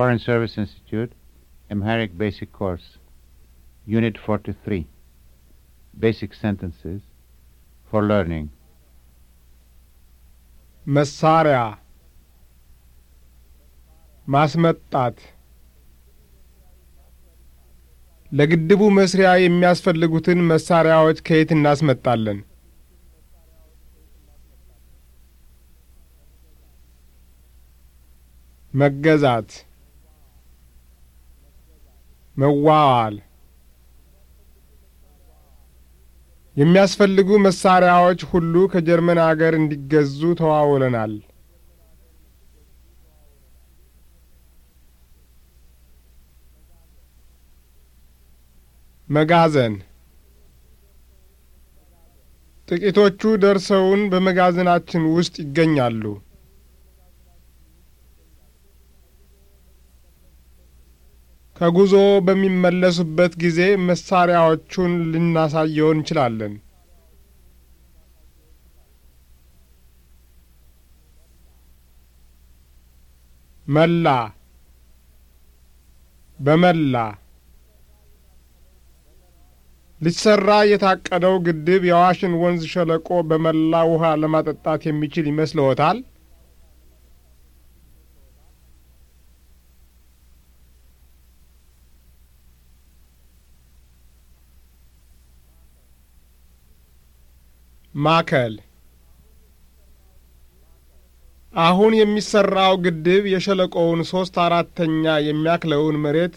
Foreign Service Institute, Amharic Basic Course, Unit 43, Basic Sentences for Learning. መሳሪያ ማስመጣት ለግድቡ መስሪያ የሚያስፈልጉትን መሳሪያዎች ከየት እናስመጣለን? መገዛት መዋዋል የሚያስፈልጉ መሳሪያዎች ሁሉ ከጀርመን አገር እንዲገዙ ተዋውለናል። መጋዘን ጥቂቶቹ ደርሰውን በመጋዘናችን ውስጥ ይገኛሉ። ከጉዞ በሚመለሱበት ጊዜ መሳሪያዎቹን ልናሳየው እንችላለን። መላ በመላ ሊሰራ የታቀደው ግድብ የዋሽን ወንዝ ሸለቆ በመላ ውሃ ለማጠጣት የሚችል ይመስልዎታል? ማከል አሁን የሚሰራው ግድብ የሸለቆውን ሦስት አራተኛ የሚያክለውን መሬት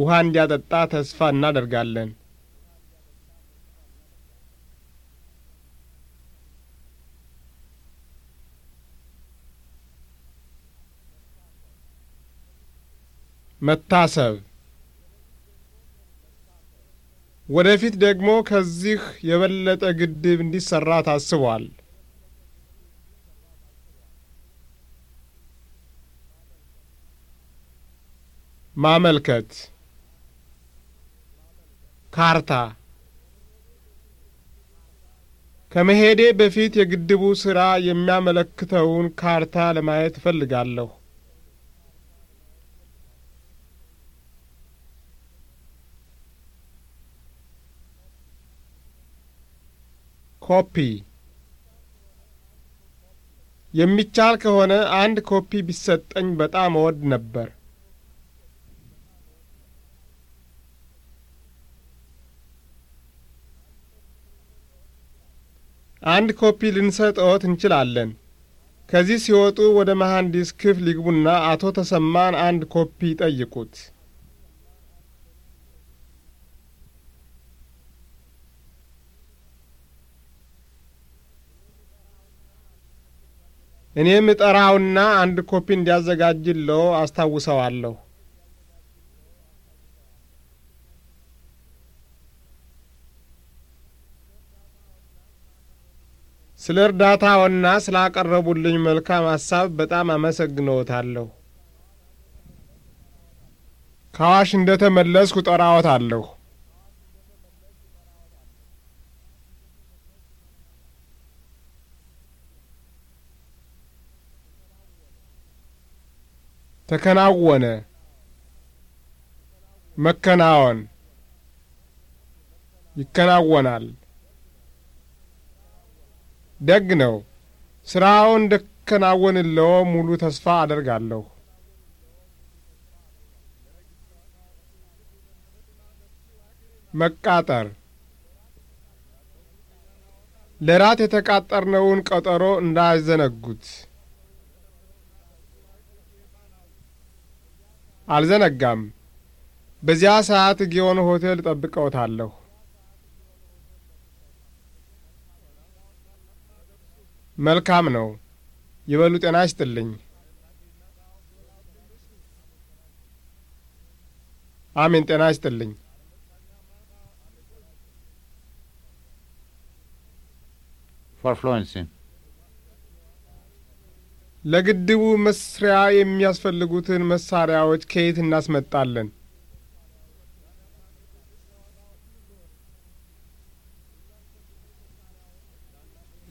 ውሃ እንዲያጠጣ ተስፋ እናደርጋለን። መታሰብ ወደፊት ደግሞ ከዚህ የበለጠ ግድብ እንዲሰራ ታስቧል። ማመልከት ካርታ ከመሄዴ በፊት የግድቡ ሥራ የሚያመለክተውን ካርታ ለማየት እፈልጋለሁ። ኮፒ የሚቻል ከሆነ አንድ ኮፒ ቢሰጠኝ በጣም እወድ ነበር። አንድ ኮፒ ልንሰጥዎት እንችላለን። ከዚህ ሲወጡ ወደ መሐንዲስ ክፍል ይግቡና አቶ ተሰማን አንድ ኮፒ ጠይቁት። እኔም እጠራውና አንድ ኮፒ እንዲያዘጋጅለው አስታውሰዋለሁ። ስለ እርዳታውና ስላቀረቡልኝ መልካም ሀሳብ በጣም አመሰግነዎታለሁ። ከአዋሽ እንደ ተመለስኩ አለሁ። ተከናወነ፣ መከናወን፣ ይከናወናል። ደግ ነው። ስራው እንደከናወንለው ሙሉ ተስፋ አደርጋለሁ። መቃጠር ለራት የተቃጠርነውን ቀጠሮ እንዳይዘነጉት። አልዘነጋም። በዚያ ሰዓት ጊዮን ሆቴል ጠብቀውታለሁ። መልካም ነው። ይበሉ። ጤና ይስጥልኝ። አሜን። ጤና ይስጥልኝ። ፎር ፍሎንሲን ለግድቡ መስሪያ የሚያስፈልጉትን መሳሪያዎች ከየት እናስመጣለን?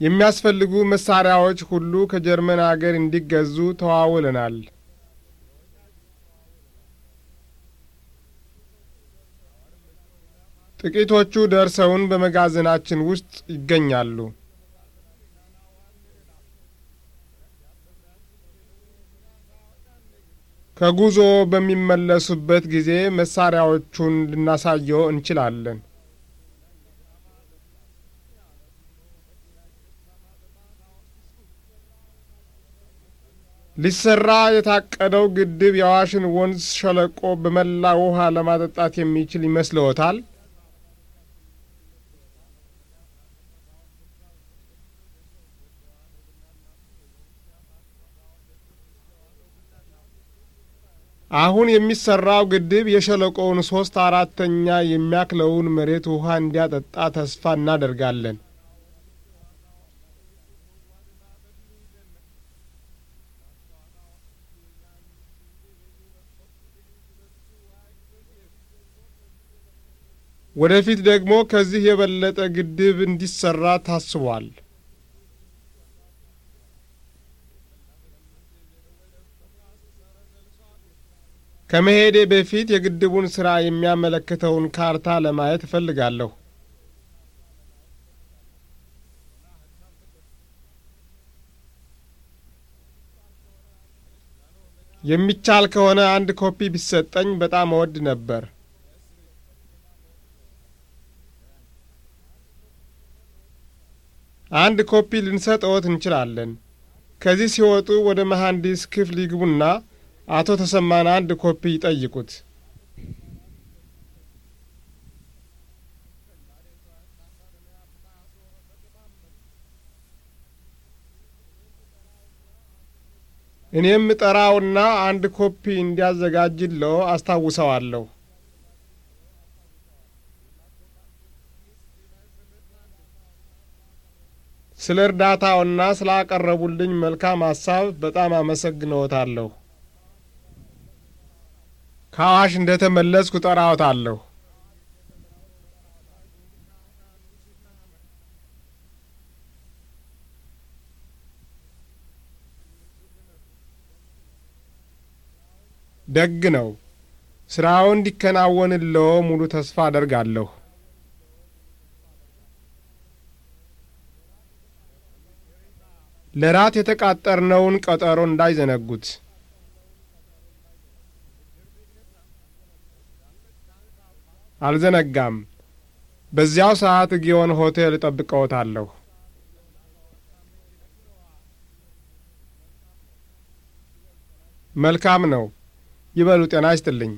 የሚያስፈልጉ መሳሪያዎች ሁሉ ከጀርመን አገር እንዲገዙ ተዋውለናል። ጥቂቶቹ ደርሰውን በመጋዘናችን ውስጥ ይገኛሉ። ከጉዞ በሚመለሱበት ጊዜ መሳሪያዎቹን ልናሳየው እንችላለን። ሊሰራ የታቀደው ግድብ የአዋሽን ወንዝ ሸለቆ በመላ ውሃ ለማጠጣት የሚችል ይመስልዎታል? አሁን የሚሰራው ግድብ የሸለቆውን ሶስት አራተኛ የሚያክለውን መሬት ውሃ እንዲያጠጣ ተስፋ እናደርጋለን። ወደፊት ደግሞ ከዚህ የበለጠ ግድብ እንዲሰራ ታስቧል። ከመሄዴ በፊት የግድቡን ሥራ የሚያመለክተውን ካርታ ለማየት እፈልጋለሁ። የሚቻል ከሆነ አንድ ኮፒ ቢሰጠኝ በጣም እወድ ነበር። አንድ ኮፒ ልንሰጥዎት እንችላለን። ከዚህ ሲወጡ ወደ መሐንዲስ ክፍል ይግቡና አቶ ተሰማን አንድ ኮፒ ይጠይቁት። እኔም ጠራውና አንድ ኮፒ እንዲያዘጋጅለው አስታውሰዋለሁ። ስለ እርዳታውና ስላቀረቡልኝ መልካም ሀሳብ በጣም አመሰግንዎታለሁ። ከአዋሽ እንደ ተመለስኩ ጠራዎታለሁ። ደግ ነው። ስራው እንዲከናወንለው ሙሉ ተስፋ አደርጋለሁ። ለራት የተቃጠርነውን ቀጠሮ እንዳይዘነጉት። አልዘነጋም። በዚያው ሰዓት ጊዮን ሆቴል እጠብቀዎታለሁ። መልካም ነው። ይበሉ። ጤና ይስጥልኝ።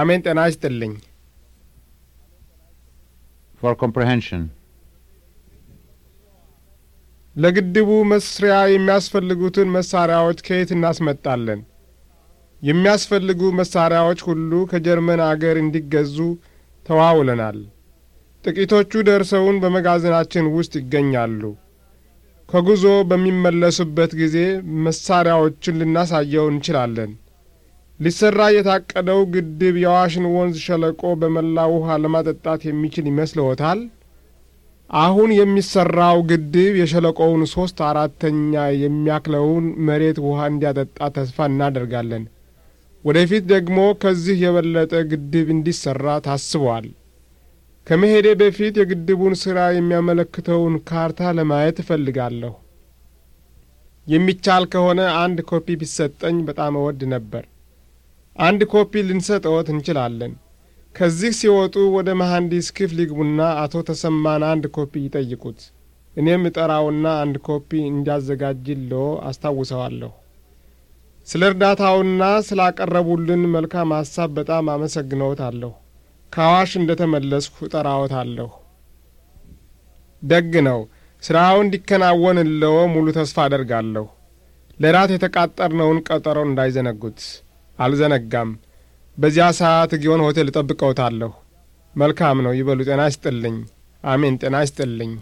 አሜን። ጤና ይስጥልኝ። ፎር ኮምፕሬንሽን ለግድቡ መስሪያ የሚያስፈልጉትን መሳሪያዎች ከየት እናስመጣለን? የሚያስፈልጉ መሳሪያዎች ሁሉ ከጀርመን አገር እንዲገዙ ተዋውለናል። ጥቂቶቹ ደርሰውን በመጋዘናችን ውስጥ ይገኛሉ። ከጉዞ በሚመለሱበት ጊዜ መሳሪያዎችን ልናሳየው እንችላለን። ሊሰራ የታቀደው ግድብ የዋሽን ወንዝ ሸለቆ በመላ ውሃ ለማጠጣት የሚችል ይመስልዎታል? አሁን የሚሰራው ግድብ የሸለቆውን ሦስት አራተኛ የሚያክለውን መሬት ውሃ እንዲያጠጣ ተስፋ እናደርጋለን። ወደፊት ደግሞ ከዚህ የበለጠ ግድብ እንዲሠራ ታስቧል። ከመሄዴ በፊት የግድቡን ሥራ የሚያመለክተውን ካርታ ለማየት እፈልጋለሁ። የሚቻል ከሆነ አንድ ኮፒ ቢሰጠኝ በጣም እወድ ነበር። አንድ ኮፒ ልንሰጠዎት እንችላለን። ከዚህ ሲወጡ ወደ መሐንዲስ ክፍል ይግቡና አቶ ተሰማን አንድ ኮፒ ይጠይቁት። እኔም እጠራውና አንድ ኮፒ እንዲያዘጋጅልዎ አስታውሰዋለሁ። ስለ እርዳታውና ስላቀረቡልን መልካም ሀሳብ በጣም አመሰግነዎታለሁ። ከአዋሽ እንደ ተመለስሁ እጠራዎታለሁ። ደግ ነው። ሥራው እንዲከናወንልዎ ሙሉ ተስፋ አደርጋለሁ። ለራት የተቃጠርነውን ቀጠሮ እንዳይዘነጉት። አልዘነጋም። በዚያ ሰዓት ጊዮን ሆቴል እጠብቀውታለሁ። መልካም ነው። ይበሉ። ጤና ይስጥልኝ። አሜን። ጤና ይስጥልኝ።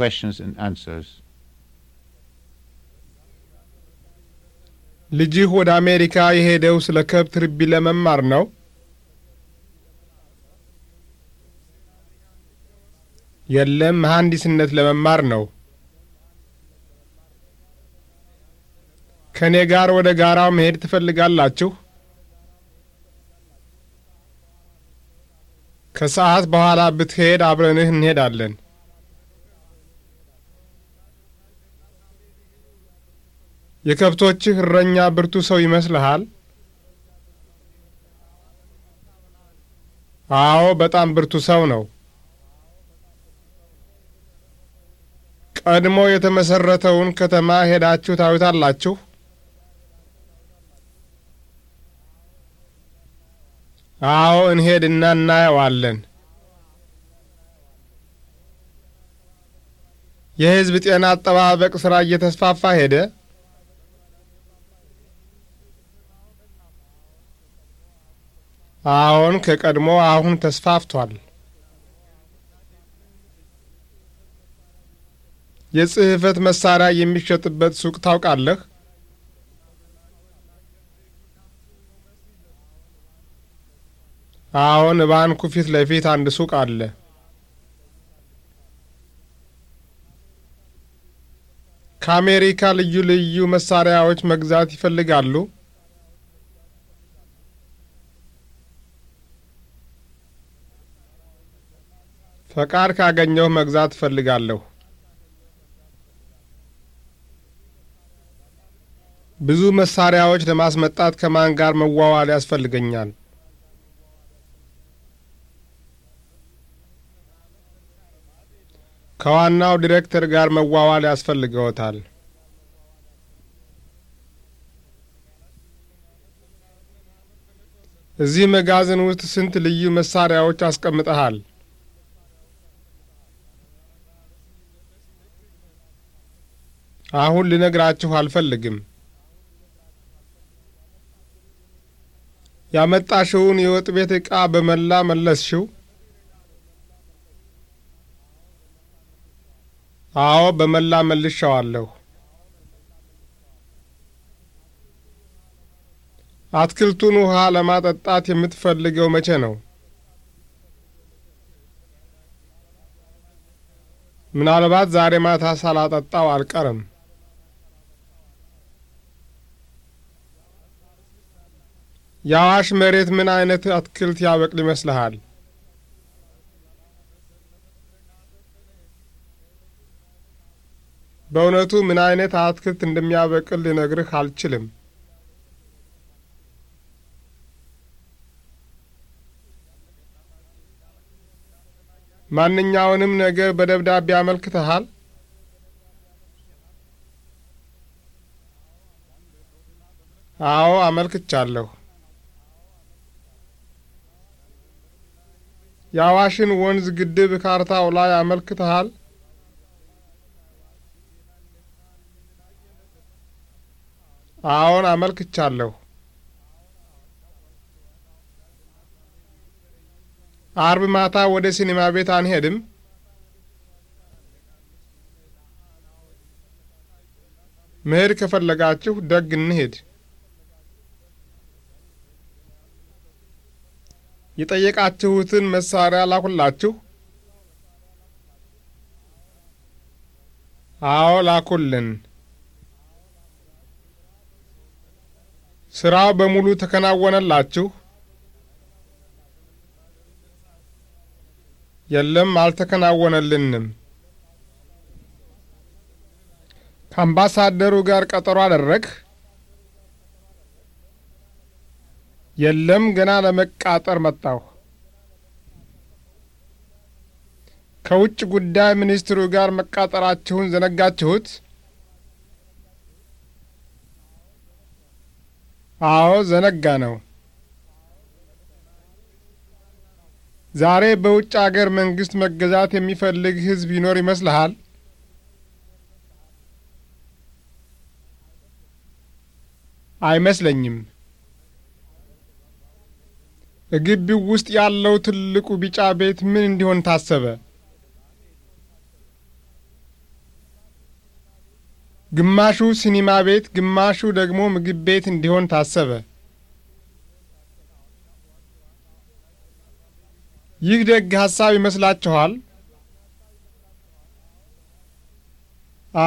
Questions and answers. ልጅህ ወደ አሜሪካ የሄደው ስለ ከብት ርቢ ለመማር ነው? የለም፣ መሐንዲስነት ለመማር ነው። ከእኔ ጋር ወደ ጋራው መሄድ ትፈልጋላችሁ? ከሰዓት በኋላ ብትሄድ አብረንህ እንሄዳለን። የከብቶችህ እረኛ ብርቱ ሰው ይመስልሃል? አዎ፣ በጣም ብርቱ ሰው ነው። ቀድሞ የተመሰረተውን ከተማ ሄዳችሁ ታዩታላችሁ? አዎ፣ እንሄድና እናየዋለን። የሕዝብ ጤና አጠባበቅ ሥራ እየተስፋፋ ሄደ? አዎን፣ ከቀድሞ አሁን ተስፋፍቷል። የጽሕፈት መሳሪያ የሚሸጥበት ሱቅ ታውቃለህ? አዎን፣ ባንኩ ፊት ለፊት አንድ ሱቅ አለ። ከአሜሪካ ልዩ ልዩ መሳሪያዎች መግዛት ይፈልጋሉ? ፈቃድ ካገኘሁ መግዛት እፈልጋለሁ። ብዙ መሳሪያዎች ለማስመጣት ከማን ጋር መዋዋል ያስፈልገኛል? ከዋናው ዲሬክተር ጋር መዋዋል ያስፈልገዎታል። እዚህ መጋዘን ውስጥ ስንት ልዩ መሳሪያዎች አስቀምጠሃል? አሁን ልነግራችሁ አልፈልግም። ያመጣሽውን የወጥ ቤት ዕቃ በመላ መለስሽው? አዎ፣ በመላ መልሻዋለሁ። አትክልቱን ውሃ ለማጠጣት የምትፈልገው መቼ ነው? ምናልባት ዛሬ ማታ ሳላጠጣው አልቀርም። የአዋሽ መሬት ምን አይነት አትክልት ያበቅል ይመስልሃል? በእውነቱ ምን አይነት አትክልት እንደሚያበቅል ልነግርህ አልችልም። ማንኛውንም ነገር በደብዳቤ አመልክተሃል? አዎ አመልክቻለሁ። የአዋሽን ወንዝ ግድብ ካርታው ላይ አመልክተሃል? አዎን፣ አመልክቻለሁ። አርብ ማታ ወደ ሲኒማ ቤት አንሄድም? መሄድ ከፈለጋችሁ ደግ እንሄድ። የጠየቃችሁትን መሳሪያ ላኩላችሁ? አዎ ላኩልን። ስራው በሙሉ ተከናወነላችሁ? የለም፣ አልተከናወነልንም። ከአምባሳደሩ ጋር ቀጠሮ አደረግህ? የለም ገና ለመቃጠር መጣሁ። ከውጭ ጉዳይ ሚኒስትሩ ጋር መቃጠራችሁን ዘነጋችሁት? አዎ ዘነጋ ነው። ዛሬ በውጭ አገር መንግስት መገዛት የሚፈልግ ህዝብ ይኖር ይመስልሃል? አይመስለኝም። ግቢው ውስጥ ያለው ትልቁ ቢጫ ቤት ምን እንዲሆን ታሰበ? ግማሹ ሲኒማ ቤት ግማሹ ደግሞ ምግብ ቤት እንዲሆን ታሰበ። ይህ ደግ ሐሳብ ይመስላችኋል?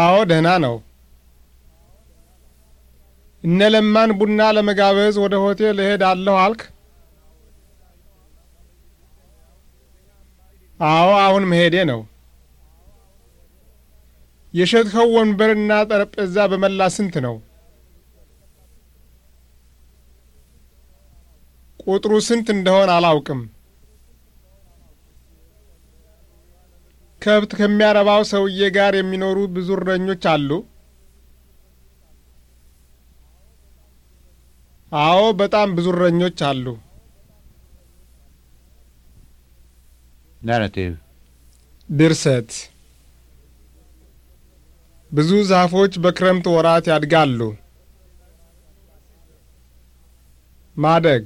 አዎ፣ ደህና ነው። እነ ለማን ቡና ለመጋበዝ ወደ ሆቴል እሄዳለሁ አልክ? አዎ አሁን መሄዴ ነው። የሸጥኸው ወንበርና ጠረጴዛ በመላ ስንት ነው? ቁጥሩ ስንት እንደሆን አላውቅም። ከብት ከሚያረባው ሰውዬ ጋር የሚኖሩ ብዙ እረኞች አሉ? አዎ በጣም ብዙ እረኞች አሉ። ናራቲቭ ድርሰት ብዙ ዛፎች በክረምት ወራት ያድጋሉ። ማደግ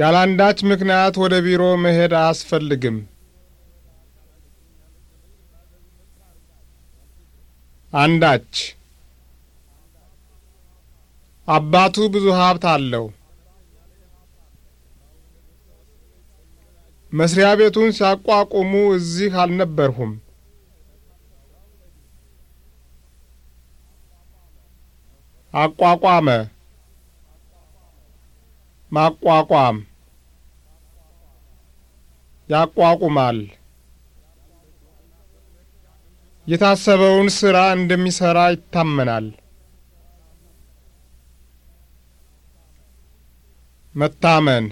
ያላንዳች ምክንያት ወደ ቢሮ መሄድ አያስፈልግም። አንዳች አባቱ ብዙ ሀብት አለው። መስሪያ ቤቱን ሲያቋቁሙ እዚህ አልነበርሁም። አቋቋመ፣ ማቋቋም፣ ያቋቁማል። የታሰበውን ሥራ እንደሚሠራ ይታመናል። መታመን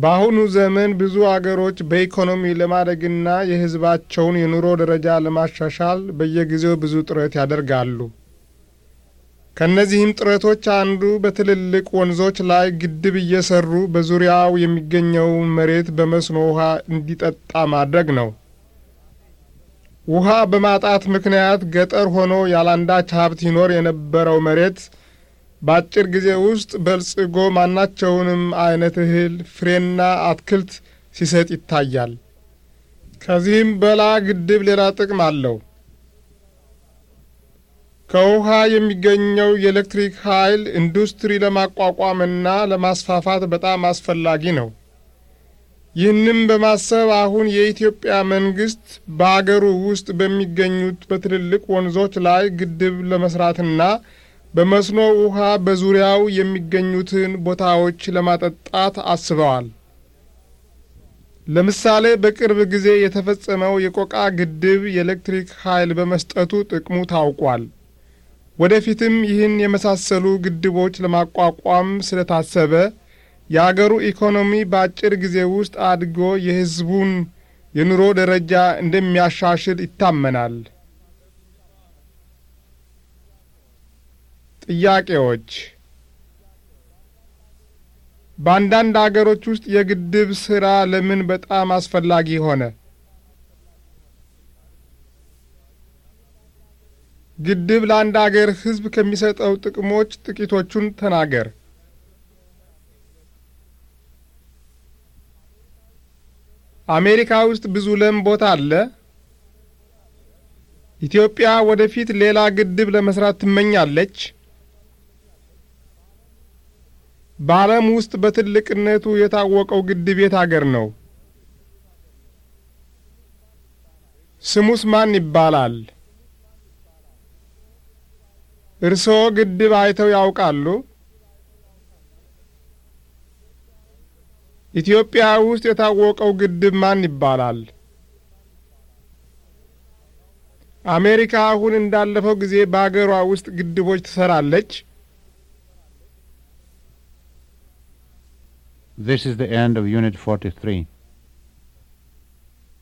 በአሁኑ ዘመን ብዙ አገሮች በኢኮኖሚ ለማደግና የሕዝባቸውን የኑሮ ደረጃ ለማሻሻል በየጊዜው ብዙ ጥረት ያደርጋሉ። ከእነዚህም ጥረቶች አንዱ በትልልቅ ወንዞች ላይ ግድብ እየሰሩ በዙሪያው የሚገኘው መሬት በመስኖ ውሃ እንዲጠጣ ማድረግ ነው። ውሃ በማጣት ምክንያት ገጠር ሆኖ ያላንዳች ሀብት ይኖር የነበረው መሬት በአጭር ጊዜ ውስጥ በልጽጎ ማናቸውንም አይነት እህል ፍሬና አትክልት ሲሰጥ ይታያል። ከዚህም በላ ግድብ ሌላ ጥቅም አለው። ከውሃ የሚገኘው የኤሌክትሪክ ኃይል ኢንዱስትሪ ለማቋቋምና ለማስፋፋት በጣም አስፈላጊ ነው። ይህንም በማሰብ አሁን የኢትዮጵያ መንግስት በአገሩ ውስጥ በሚገኙት በትልልቅ ወንዞች ላይ ግድብ ለመስራትና በመስኖ ውሃ በዙሪያው የሚገኙትን ቦታዎች ለማጠጣት አስበዋል። ለምሳሌ በቅርብ ጊዜ የተፈጸመው የቆቃ ግድብ የኤሌክትሪክ ኃይል በመስጠቱ ጥቅሙ ታውቋል። ወደፊትም ይህን የመሳሰሉ ግድቦች ለማቋቋም ስለታሰበ የአገሩ ኢኮኖሚ በአጭር ጊዜ ውስጥ አድጎ የሕዝቡን የኑሮ ደረጃ እንደሚያሻሽል ይታመናል። ጥያቄዎች በአንዳንድ አገሮች ውስጥ የግድብ ስራ ለምን በጣም አስፈላጊ ሆነ? ግድብ ለአንድ አገር ሕዝብ ከሚሰጠው ጥቅሞች ጥቂቶቹን ተናገር። አሜሪካ ውስጥ ብዙ ለም ቦታ አለ። ኢትዮጵያ ወደፊት ሌላ ግድብ ለመስራት ትመኛለች። በዓለም ውስጥ በትልቅነቱ የታወቀው ግድብ የት አገር ነው? ስሙስ ማን ይባላል? እርስዎ ግድብ አይተው ያውቃሉ? ኢትዮጵያ ውስጥ የታወቀው ግድብ ማን ይባላል? አሜሪካ አሁን እንዳለፈው ጊዜ በአገሯ ውስጥ ግድቦች ትሰራለች? This is the end of Unit 43.